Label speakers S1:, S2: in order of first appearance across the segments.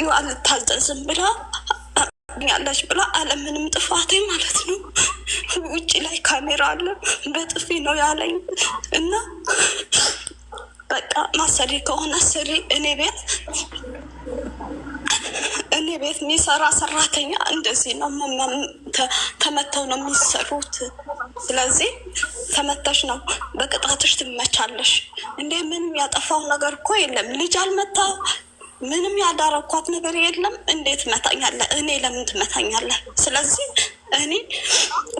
S1: እዩ አልታዘዝም ብላ ያለች ብላ አለምንም ጥፋቴ ማለት ነው። ውጭ ላይ ካሜራ አለ በጥፊ ነው ያለኝ እና በቃ ማሰሪ ከሆነ ስሪ እኔ ቤት እኔ ቤት የሚሰራ ሰራተኛ እንደዚህ ነው ተመተው ነው የሚሰሩት። ስለዚህ ተመተሽ ነው በቅጣትሽ ትመቻለሽ። እንደ ምንም ያጠፋው ነገር እኮ የለም ልጅ አልመታ ምንም ያዳረኳት ነገር የለም። እንዴት መታኛለ? እኔ ለምን ትመታኛለ? ስለዚህ እኔ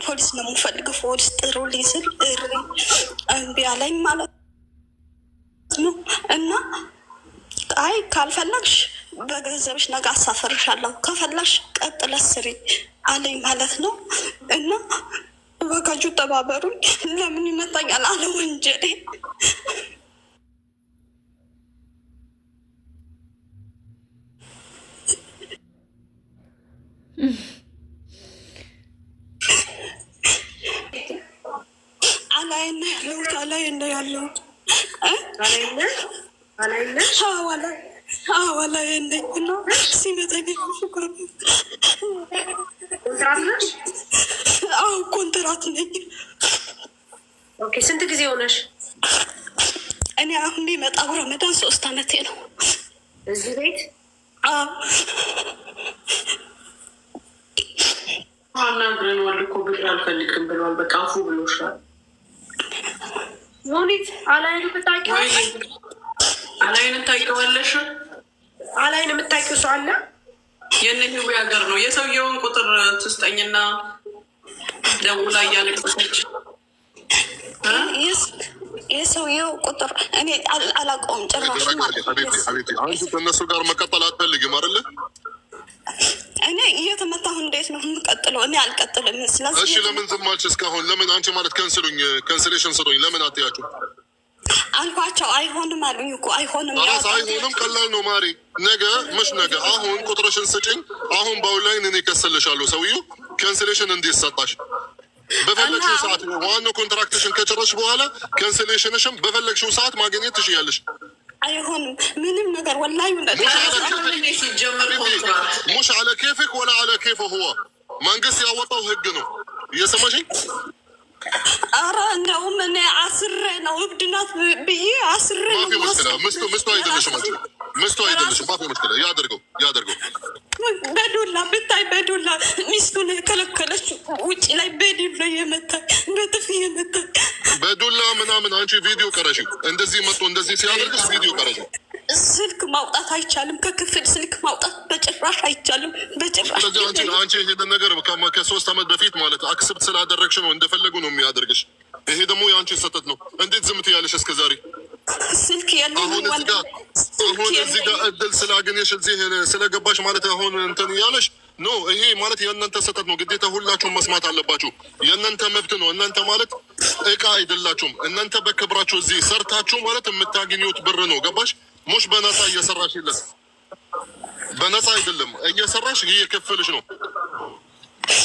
S1: ፖሊስ ነው የምፈልገው፣ ፖሊስ ጥሩ ሊስል እሪ እምቢ አለኝ ማለት ነው። እና አይ ካልፈለግሽ በገንዘብሽ ነገ አሳፈርሻለሁ፣ ከፈለግሽ ቀጥለ ስሪ አለኝ ማለት ነው። እና እባካችሁ ጠባበሩኝ ለምን ይመታኛል አለ ወንጀሌ አላየነ ያለሁት አላየነ ያለሁት አላየነ ነው ሲመጣ አዎ ኮንትራት ነኝ።
S2: ኦኬ ስንት ጊዜ ሆነሽ?
S1: እኔ አሁን የመጣው ረመዳን ሶስት አመቴ ነው
S2: እዚህ ቤት አናግረነዋል እኮ ብር አልፈልግም ብለዋል። በቃ አፉ ብሎሻል።
S1: ሞኒት አላይን የምታውቂው
S2: አላይን ታውቂዋለሽ? አላይን
S1: የምታውቂው ሰው አለ
S2: የእነ ሀገር ነው። የሰውየውን ቁጥር ትስጠኝና ደውላ እያለቀሰች
S1: የሰውየው ቁጥር እኔ አላውቀውም ጭራሽ። ማለት
S3: ነው ጋር መቀጠል አትፈልግም አይደለ?
S1: እኔ አሁን እንዴት ነው የምቀጥለው? እኔ አልቀጥልም።
S3: ስለዚህ እሺ፣ ለምን ዝም አልሽ እስካሁን? ለምን አንቺ ማለት ከንስሉኝ፣ ከንስሌሽን ስጡኝ። ለምን አትያችሁ
S1: አልኳቸው። አይሆንም አሉኝ እኮ አይሆንም።
S3: አይሆንም ቀላል ነው ማሪ። ነገ ምሽ ነገ አሁን ቁጥርሽን ስጭኝ። አሁን በኦንላይን እኔ ከስልሻለሁ። ሰውዬው ካንስሌሽን እንዴት ሰጣሽ? በፈለግሽው ሰዓት ዋናው ኮንትራክትሽን ከጨረስሽ በኋላ ካንስሌሽንሽም በፈለግሽው ሰዓት ማግኘት ትችያለሽ።
S1: አይሆንም ምንም ነገር ወላሂ
S3: ሲጀመር ኮንትራት ሙሽ አለ ኬፍክ ወላ አለ ኬፍ ሁዋ መንግስት ያወጣው ህግ ነው። እየሰማሽኝ?
S1: አረ እንደውም እኔ አስሬ ነው እብድ ናት ብዬ አስሬ
S3: ነው ምስቱ አይደለሽም አንቺ ምስቱ አይደለሽም። ባፌ መስከለ ያደርገው ያደርገው
S1: በዱላ ብታይ በዱላ ሚስቱን የከለከለች ውጭ ላይ በዱላ የመታኝ በጥፍ የመታኝ
S3: በዱላ ምናምን አንቺ ቪዲዮ ቀረሽ፣ እንደዚህ መጥቶ እንደዚህ ሲያደርግስ ቪዲዮ ቀረሽ።
S1: ስልክ ማውጣት አይቻልም፣ ከክፍል ስልክ ማውጣት በጭራሽ አይቻልም፣
S3: በጭራሽ። አንቺ ይሄን ነገር ከሶስት ዓመት በፊት ማለት አክስብት ስላደረግሽ ነው እንደፈለጉ ነው የሚያደርግሽ። ይሄ ደግሞ የአንቺ ሰጠት ነው። እንዴት ዝም ትያለሽ እስከ ዛሬ? ስልክ አሁን እዚህ ጋር እድል ስላገኘሽ እዚህ ስለገባሽ ማለት አሁን እንትን እያለሽ ኖ ይሄ ማለት የእናንተ ስህተት ነው። ግዴታ ሁላችሁም መስማት አለባችሁ። የእናንተ መብት ነው። እናንተ ማለት እቃ አይደላችሁም። እናንተ በክብራችሁ እዚህ ሰርታችሁ ማለት የምታገኙት ብር ነው። ገባሽ? ሙሽ በነፃ እየሰራሽ የለም። በነፃ አይደለም እየሰራሽ፣ እየከፈልሽ ነው።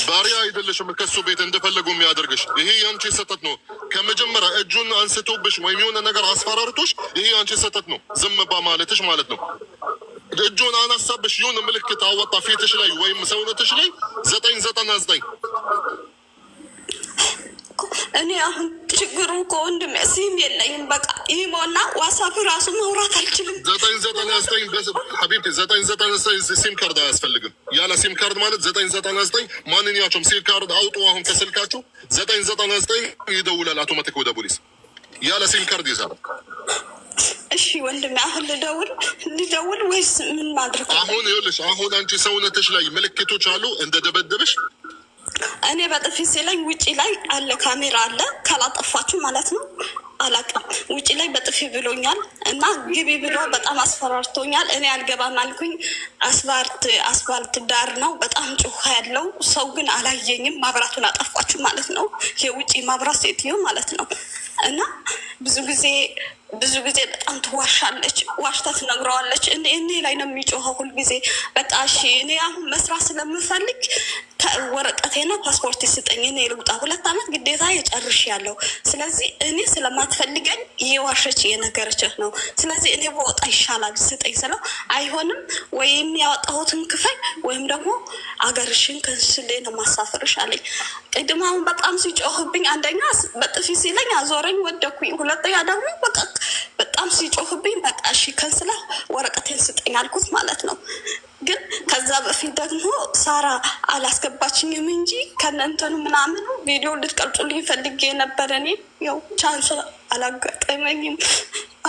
S3: ባሪያ አይደለሽም። ከሱ ቤት እንደፈለጉ የሚያደርግሽ ይሄ የአንቺ ስህተት ነው። ከመጀመሪያ እጁን አንስቶብሽ ወይም የሆነ ነገር አስፈራርቶሽ፣ ይሄ የአንቺ ስህተት ነው። ዝም በማለትሽ ማለት ነው። እጁን አነሳብሽ ይሁን ምልክት አወጣ ፊትሽ ላይ ወይም ሰውነትሽ ላይ ዘጠኝ ዘጠና ዘጠኝ
S1: እኔ አሁን ችግሩ እኮ ስም የለኝም። በቃ ኢሞና ዋሳፕ ራሱ መውራት አልችልም።
S3: ዘጠኝ ዘጠና ዘጠኝ ሀቢብቲ ዘጠኝ ዘጠና ዘጠኝ ሲም ካርድ አያስፈልግም። ያለ ሲም ካርድ ማለት ዘጠኝ ዘጠና ዘጠኝ ማንኛቸውም ሲም ካርድ አውጡ አሁን ከስልካችሁ። ዘጠኝ ዘጠና ዘጠኝ ይደውላል አውቶማቲክ ወደ ፖሊስ ያለ ሲም ካርድ ይሰራል።
S1: እሺ ወንድሜ አሁን ልደውል ልደውል ወይስ ምን ማድረግ?
S3: አሁን ይኸውልሽ፣ አሁን አንቺ ሰውነትሽ ላይ ምልክቶች አሉ እንደደበደበሽ።
S1: እኔ በጥፊሴ ላይ ውጪ ላይ አለ ካሜራ አለ፣ ካላጠፋችሁ ማለት ነው። አላውቅም ውጭ ላይ በጥፊ ብሎኛል እና ግቢ ብሎ በጣም አስፈራርቶኛል። እኔ አልገባም አልኩኝ። አስፋልት አስፋልት ዳር ነው በጣም ጩኸ ያለው ሰው ግን አላየኝም። ማብራቱን አጠፋችሁ ማለት ነው። የውጪ ማብራት ሴትዮ ማለት ነው እና 不是。ብዙ ጊዜ በጣም ትዋሻለች። ዋሽታ ትነግረዋለች። እኔ እኔ ላይ ነው የሚጮኸው ሁልጊዜ። በቃ እሺ እኔ አሁን መስራት ስለምፈልግ ወረቀቴና ፓስፖርት ስጠኝ፣ እኔ ልውጣ። ሁለት ዓመት ግዴታ የጨርሽ ያለው ስለዚህ እኔ ስለማትፈልገኝ እየዋሸች እየነገረችህ ነው። ስለዚህ እኔ በወጣ ይሻላል ስጠኝ ስለው አይሆንም፣ ወይም ያወጣሁትን ክፈል ወይም ደግሞ አገርሽን ከስሌ ነው ማሳፍርሽ አለኝ። ቅድም አሁን በጣም ሲጮህብኝ አንደኛ በጥፊ ሲለኝ አዞረኝ፣ ወደኩኝ። ሁለተኛ ደግሞ በቃ በጣም ሲጮህብኝ በቃ እሺ ከንስላ ወረቀቴን ስጠኝ አልኩት ማለት ነው። ግን ከዛ በፊት ደግሞ ሳራ አላስገባችኝም እንጂ ከነንተኑ ምናምኑ ቪዲዮ ልትቀርጹልኝ ፈልጌ ነበር። እኔ ያው ቻንስ አላጋጠመኝም፣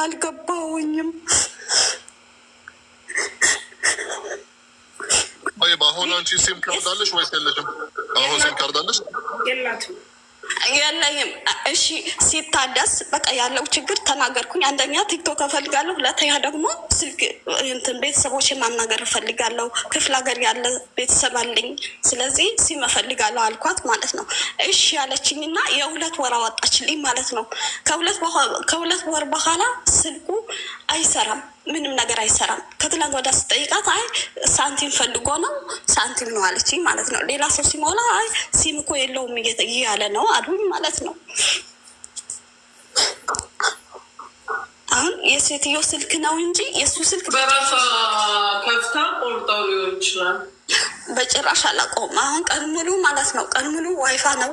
S1: አልገባውኝም።
S3: በአሁን አንቺ ሲም ካርድ አለሽ ወይስ የለሽም? አሁን ሲም ካርድ አለሽ?
S1: የላትም የለኝም። እሺ ሲታደስ በቃ ያለው ችግር ተናገርኩኝ። አንደኛ ቲክቶክ እፈልጋለሁ፣ ሁለተኛ ደግሞ ስልክ እንትን ቤተሰቦች ማናገር እፈልጋለሁ። ክፍለ ሀገር ያለ ቤተሰብ አለኝ፣ ስለዚህ ሲም እፈልጋለሁ አልኳት ማለት ነው። እሺ ያለችኝ እና የሁለት ወር አወጣችልኝ ማለት ነው። ከሁለት ወር በኋላ ስልኩ አይሰራም ምንም ነገር አይሰራም። ከትላንት ወዳ ስጠይቃት አይ ሳንቲም ፈልጎ ነው ሳንቲም ነው አለች ማለት ነው። ሌላ ሰው ሲሞላ አይ ሲም እኮ የለውም እያለ ነው አሉኝ ማለት ነው። አሁን የሴትዮ ስልክ ነው እንጂ የእሱ ስልክ
S2: በራሷ ከፍታ ቆርጠው ሊሆን ይችላል።
S1: በጭራሽ አላውቀውም። አሁን ቀን ሙሉ ማለት ነው፣ ቀን ሙሉ ዋይፋ ነው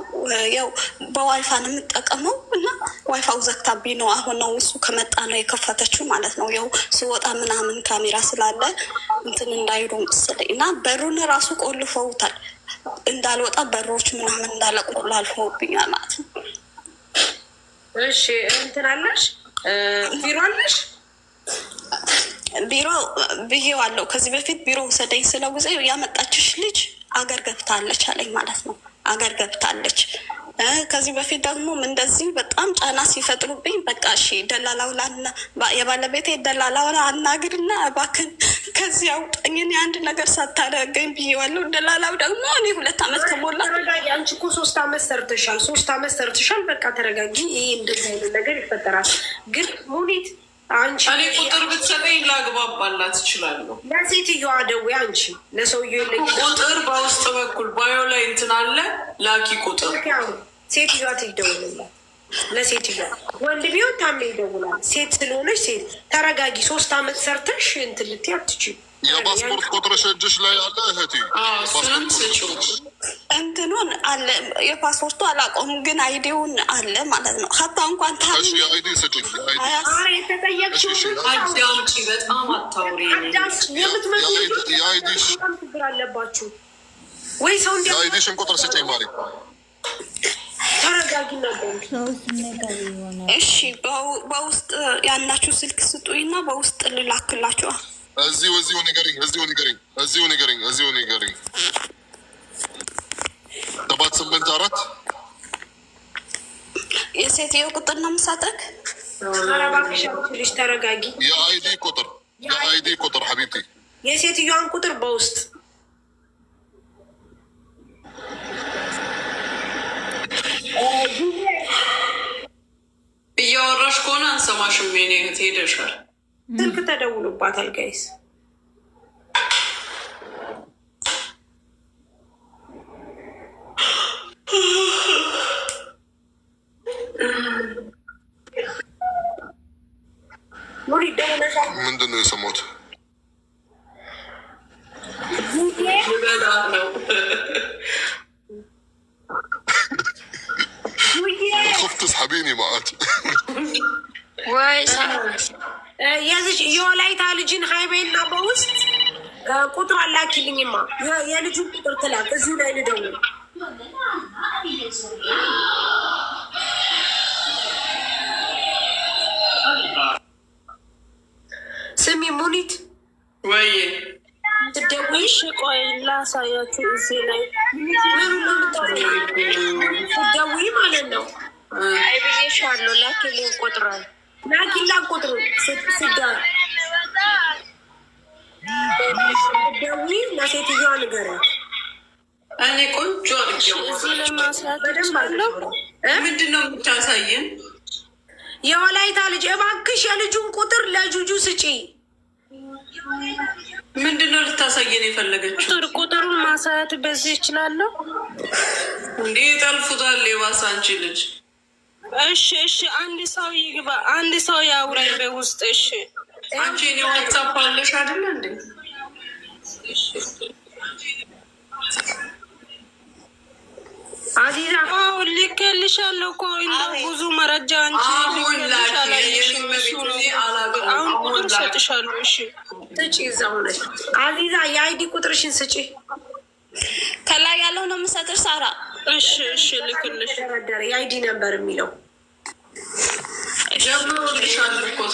S1: ያው በዋይፋ ነው የምጠቀመው እና ዋይፋው ዘግታቢ ነው። አሁን ነው እሱ ከመጣ ነው የከፈተችው ማለት ነው። ያው ስወጣ ምናምን ካሜራ ስላለ እንትን እንዳይሉ መሰለኝ እና በሩን ራሱ ቆልፈውታል። እንዳልወጣ በሮች ምናምን እንዳለ ማለት ነው።
S2: እሺ እንትን አለሽ ቢሮ አለሽ?
S1: ቢሮ ብዬ አለው። ከዚህ በፊት ቢሮ ውሰደኝ ስለው ጊዜ ያመጣችሽ ልጅ አገር ገብታለች አለኝ ማለት ነው። አገር ገብታለች ከዚህ በፊት ደግሞ እንደዚህ በጣም ጫና ሲፈጥሩብኝ በቃ እሺ ደላላውን የባለቤቴ ደላላውን አናግርና እባክን ከዚህ አውጣኝ እኔ አንድ ነገር ሳታደርገኝ ብዬዋለሁ። ደላላው ደግሞ እኔ ሁለት ዓመት ከሞላ አንቺ እኮ ሶስት ዓመት ሰርተሻል፣ ሶስት ዓመት ሰርተሻል። በቃ ተረጋጊ። ይህ እንደዚህ አይነት ነገር ይፈጠራል ግን ሙኒት
S2: እኔ ቁጥር ብትሰጠኝ ላግባባላት እችላለሁ።
S1: ለሴትዮዋ ደውዬ አንቺ ለሰውዬው
S2: ቁጥር በውስጥ በኩል ባዮ ላይ እንትን አለ ላኪ ቁጥር
S1: ሴትዮዋ ትደውልላት ለሴትዮዋ ወንድ ቢሆን ታሜ ይደውላል። ሴት ስለሆነች ሴት ተረጋጊ። ሶስት አመት ሰርተሽ እንትን ልትይ አትችይም።
S3: የፓስፖርት ቁጥርሽ እጅሽ ላይ አለ እህቴ።
S1: እንትኑን አለ የፓስፖርቱ አላቆም ግን አይዲውን አለ ማለት ነው። ሀታ እንኳን
S3: ችግር አለባችሁ ወይ ሰው እንዲሽን ቁጥር ስጨኝ ማሪ
S1: እሺ፣ በውስጥ ያላችሁ ስልክ ስጡኝና በውስጥ ልላክላችኋል።
S3: እዚሁ እዚሁ ንገሪኝ፣ እዚሁ ንገሪኝ፣ እዚሁ ንገሪኝ፣ እዚሁ ንገሪኝ ሰባት ስምንት አራት
S1: የሴትዮ ቁጥር ነው የምሳጥረክ። ልጅ ተረጋጊ።
S3: የአይዲ ቁጥር የአይዲ ቁጥር ሐቢብቲ
S1: የሴትዮዋን ቁጥር በውስጥ
S2: እያወራሽ ከሆነ አንሰማሽም። ሜኔት ሄደሻል።
S1: ስልክ ተደውሎባታል ጋይስ
S3: ምንድን ነው የሰማሁት? ክፍት ስሐቢኒ ማለት
S1: የወላይታ ልጅን ሀይቤና በውስጥ ቁጥር አላኪልኝማ የልጁን ቁጥር ትላክ እዚሁ ላይ ልደውል ስሚ ሙኒት ወይ ትደውይሽ ቆይ ላሳያችሁ። እዚህ ላይ ትደውይ ማለት ነው። አይ ብዬሻለሁ። ላኪልን ቁጥሩን ላኪላ ቁጥሩ ስዳ ደውይ እና ንገሪያት።
S2: እኔ ቆንጆ አድርጌ ምንድን ነው የምታሳየን?
S1: የወላይታ ልጅ እባክሽ የልጁን ቁጥር ለጁጁ ስጪ።
S2: ምንድን ልታሳየን የፈለገችው?
S1: ቁጥር ቁጥሩን ማሳያት በዚህ ይችላለሁ
S2: እንዴ? ጠልፉታል። የባሰ አንቺ ልጅ።
S1: እሺ እሺ፣ አንድ ሰው ይግባ፣ አንድ ሰው ያውራኝ በውስጥ። እሺ
S2: አንቺ ኔ ዋትሳፕ አለሽ አደለ እንዴ?
S1: አዚዛ አሁን ልኬልሻለሁ እኮ ብዙ መረጃ አንቺ አሁን ቁጥር ሰጥሻለሁ። እሺ ስጪ፣ አዚዛ። የአይዲ ቁጥርሽን ስጪ። ከላይ ያለው ነው የምሰጥሽ ሳራ።
S2: እሺ፣ እሺ፣ ልክልሽ።
S1: የአይዲ ነበር የሚለው
S2: እኮ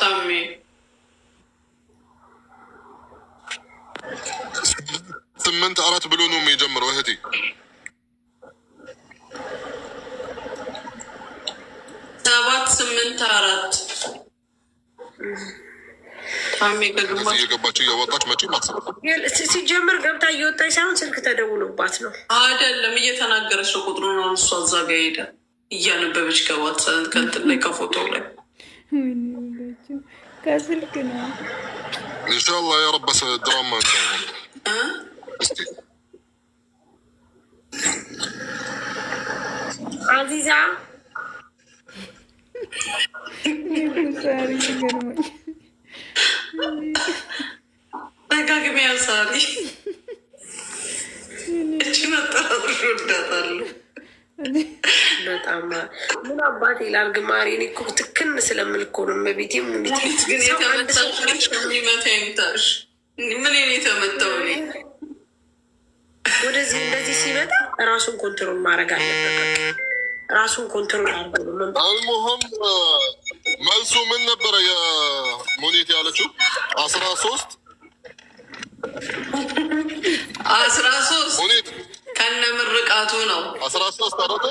S3: ስምንት አራት ብሎ ነው የሚጀምረው። እህቴ
S2: ሰባት ስምንት አራት
S3: እየገባቸው እያወጣች መጪ
S1: ሲጀምር ገብታ እየወጣች ሳይሆን ስልክ ተደውሎባት ነው።
S2: አይደለም እየተናገረች ነው። ቁጥሩ ነው እሷ እዛ ጋ ሄደ እያነበበች ገባት ከእንትን ላይ ከፎቶ ላይ
S3: ከስልክ ነው። ኢንሻላህ ያረበሰ ድራማ
S1: አዚዛ በጣም ምን አባት ይላል። ማሪ፣ እኔ እኮ ትክን ስለምልኮ ነው መቤቴ።
S2: ግን ምን የተመታው
S1: ወደዚህ እንደዚህ ሲመጣ ራሱን ኮንትሮል ማድረግ አለበት። ራሱን ኮንትሮል አድርጎ
S3: አልሙህም መልሱ ምን ነበረ? የሙኒት ያለችው አስራ ሶስት
S2: አስራ ሶስት ከነ ነው።
S3: አስራ ሶስት አረተ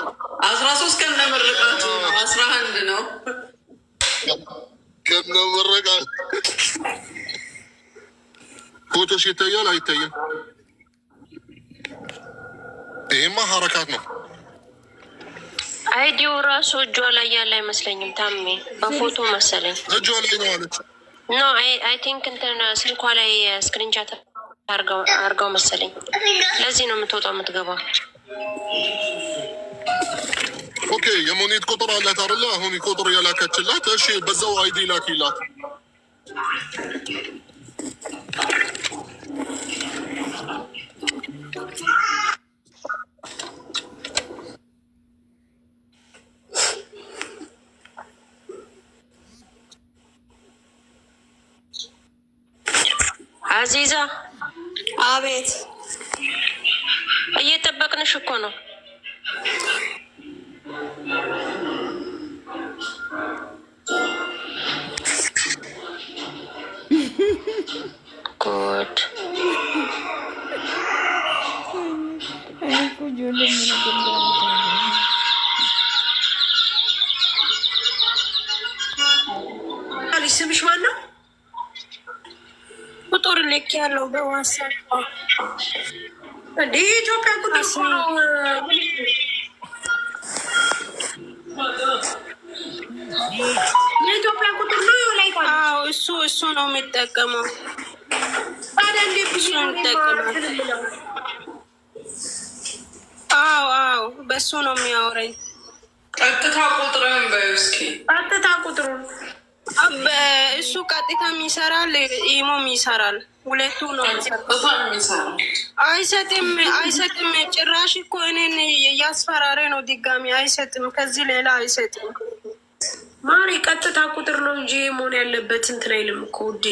S2: አስራ ሶስት ከነ ምርቃቱ አስራ አንድ ነው
S3: ከነ ፎቶሽ ይታያል አይታያል? ይህማ ሀረካት ነው።
S1: አይዲው ራሱ እጇ ላይ ያለ አይመስለኝም። ታሜ በፎቶ መሰለኝ
S3: እጇ ላይ ነው አለች።
S1: ኖ አይ ቲንክ እንትን ስልኳ ላይ ስክሪንቻት አርገው መሰለኝ። ለዚህ ነው የምትወጣው የምትገባው።
S3: ኦኬ የሞኔት ቁጥር አላት አይደለ? አሁን ቁጥር የላከችላት። እሺ በዛው አይዲ ላኪላት።
S1: አዚዛ አቤት እየጠበቅንሽ እኮ ነው ጉድ ቁጥር ልክ ያለው በዋትሳፕ እንደ የኢትዮጵያ ቁጥር እኮ ነው። የኢትዮጵያ ቁጥር ነው ላይ
S2: እሱ እሱ ነው የሚጠቀመው።
S1: ታዲያ እንዴት ብዙ ነው የሚጠቀመው? አዎ አዎ፣ በእሱ ነው የሚያወራኝ።
S2: ቀጥታ ቁጥርን በይ እስኪ፣
S1: ቀጥታ ቁጥሩን እሱ ቀጥታም ይሰራል፣ ኢሞም ይሰራል። ሁለቱ ነው አይሰጥም፣ አይሰጥም። ጭራሽ እኮ እኔን እያስፈራረ ነው። ድጋሚ አይሰጥም፣ ከዚህ ሌላ አይሰጥም። ማሪ ቀጥታ ቁጥር ነው እንጂ መሆን ያለበት እንትን አይልም እኮ ውዴ።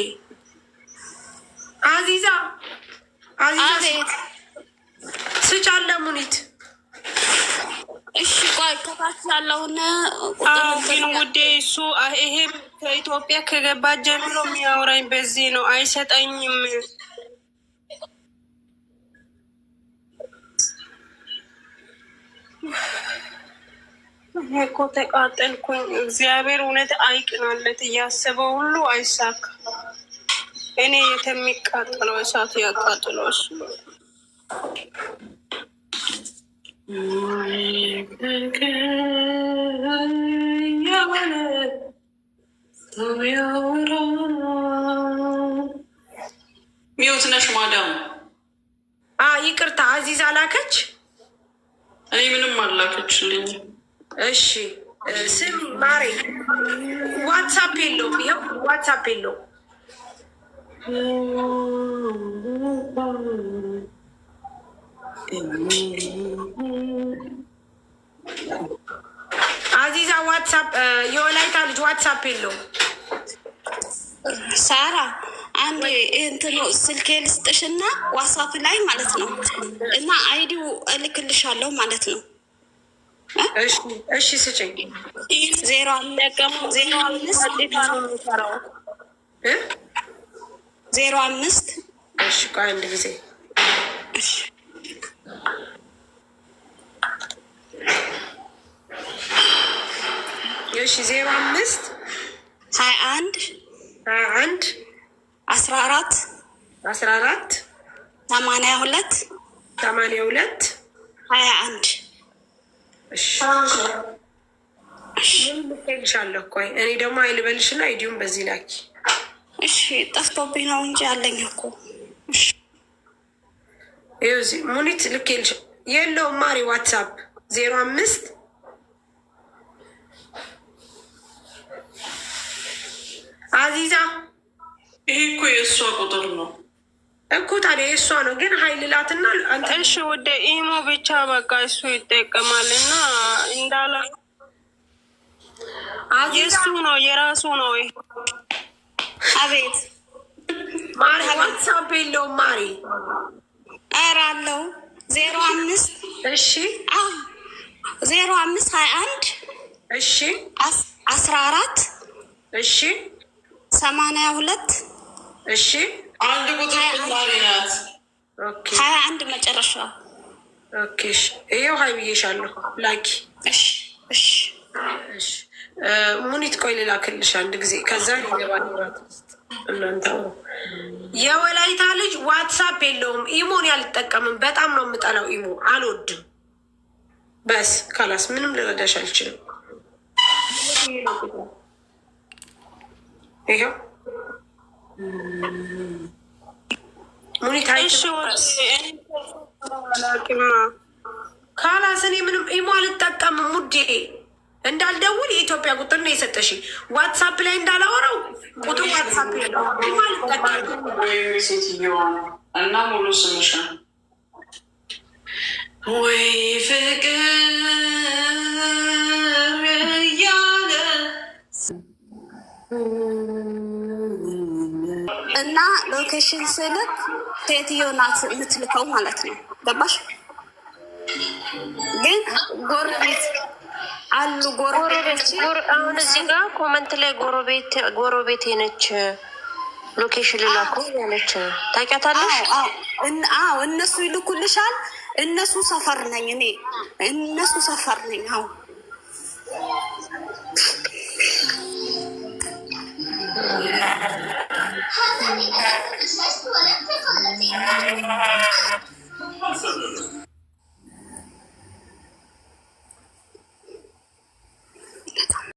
S1: አዚዛ አዚዛ ስጫለ ሙኒት እሺ ቆይ ከታች ያለውን ግን ውዴ እሱ ይሄ ከኢትዮጵያ ከገባት ጀምሮ የሚያወራኝ በዚህ ነው። አይሰጠኝም። እኮ ተቃጠልኩኝ። እግዚአብሔር እውነት አይቅናለት። እያሰበው ሁሉ አይሳካ። እኔ የተሚቃጠለው እሳት ያቃጥለው እሱ ሚውት ነሽ ማዳም? ይቅርታ አዚዝ አላከች።
S2: እኔ ምንም አላከችልኝ።
S1: እሺ ስም ማሬ ዋትሳፕ የለውም። ይኸው ዋትሳፕ የለውም። አዚዛ ዋትሳፕ የወላይታ ልጅ ዋትሳፕ የለውም። ሳራ አንድ እንትኑ ስልኬ ልስጥሽና ዋትሳፕ ላይ ማለት ነው እና አይዲው እልክልሻለሁ ማለት ነው።
S2: እሺ ስጭኝ።
S1: ዜሮ ዜሮ አምስት ዜሮ አምስት
S2: እሺ ቆይ አንድ ጊዜ እሺ ዜሮ አምስት ሀያ አንድ ሀያ አንድ አስራ አራት አስራ አራት
S1: ሰማንያ ሁለት
S2: ሰማንያ ሁለት ሀያ አንድ እኔ ደግሞ አይልበልሽና አይዲሁም በዚህ ላኪ።
S1: እሺ ጠፍቶብኝ ነው እንጂ አለኝ እኮ
S2: ሙኒት ልክ የለውም ማሪ ዋትሳፕ ዜሮ አምስት
S1: እሷ ነው ግን ሀይል ላትና እሺ፣ ወደ ኢሞ ብቻ በቃ እሱ ይጠቀማል እና እንዳለ የእሱ ነው የራሱ ነው። አቤት ማሪ ዋትሳፕ የለውም ማሪ ኧረ ዜሮ አምስት እሺ ዜሮ አምስት ሀያ አንድ እሺ አስራ አራት እሺ ሰማንያ ሁለት
S2: እሺ አንድ ቁጥር ማሪ ናት።
S1: ሀያ አንድ መጨረሻ
S2: ይኸው ሀይ ብዬሻለሁ። ላኪ ሙኒት ቆይ ልላክልሽ አንድ ጊዜ ከዛ
S1: እናንተ የወላይታ ልጅ ዋትሳፕ የለውም። ኢሞን ያልጠቀምም በጣም ነው የምጠላው። ኢሞ አልወድም። በስ ካላስ ምንም ልረዳሽ አልችልም። ይኸው ካላስ እኔ ምንም ኢሞ አልጠቀምም ውዴ። እንዳልደውል የኢትዮጵያ ቁጥር ነው የሰጠሽ። ዋትሳፕ ላይ እንዳላወራው ቁጥር ዋትሳፕ ላይ ኢሞ አልጠቀምም
S2: እና ሙሉ ስምሽ ወይ ፍቅር
S1: እያለ እና ሎኬሽን ስልክ ሴትዮ ናት የምትልከው ማለት ነው። ገባሽ? ግን ጎረቤት አሉ ጎረቤት አሁን እዚህ ጋ ኮመንት ላይ ጎረቤት ጎረቤቴ ነች ሎኬሽን ልላኩ ያለች ታውቂያታለሽ? አዎ እነሱ ይልኩልሻል። እነሱ ሰፈር ነኝ እኔ እነሱ ሰፈር ነኝ። አዎ 好了，你赶紧自己出来，我两分钟后进来。看什么？你看到？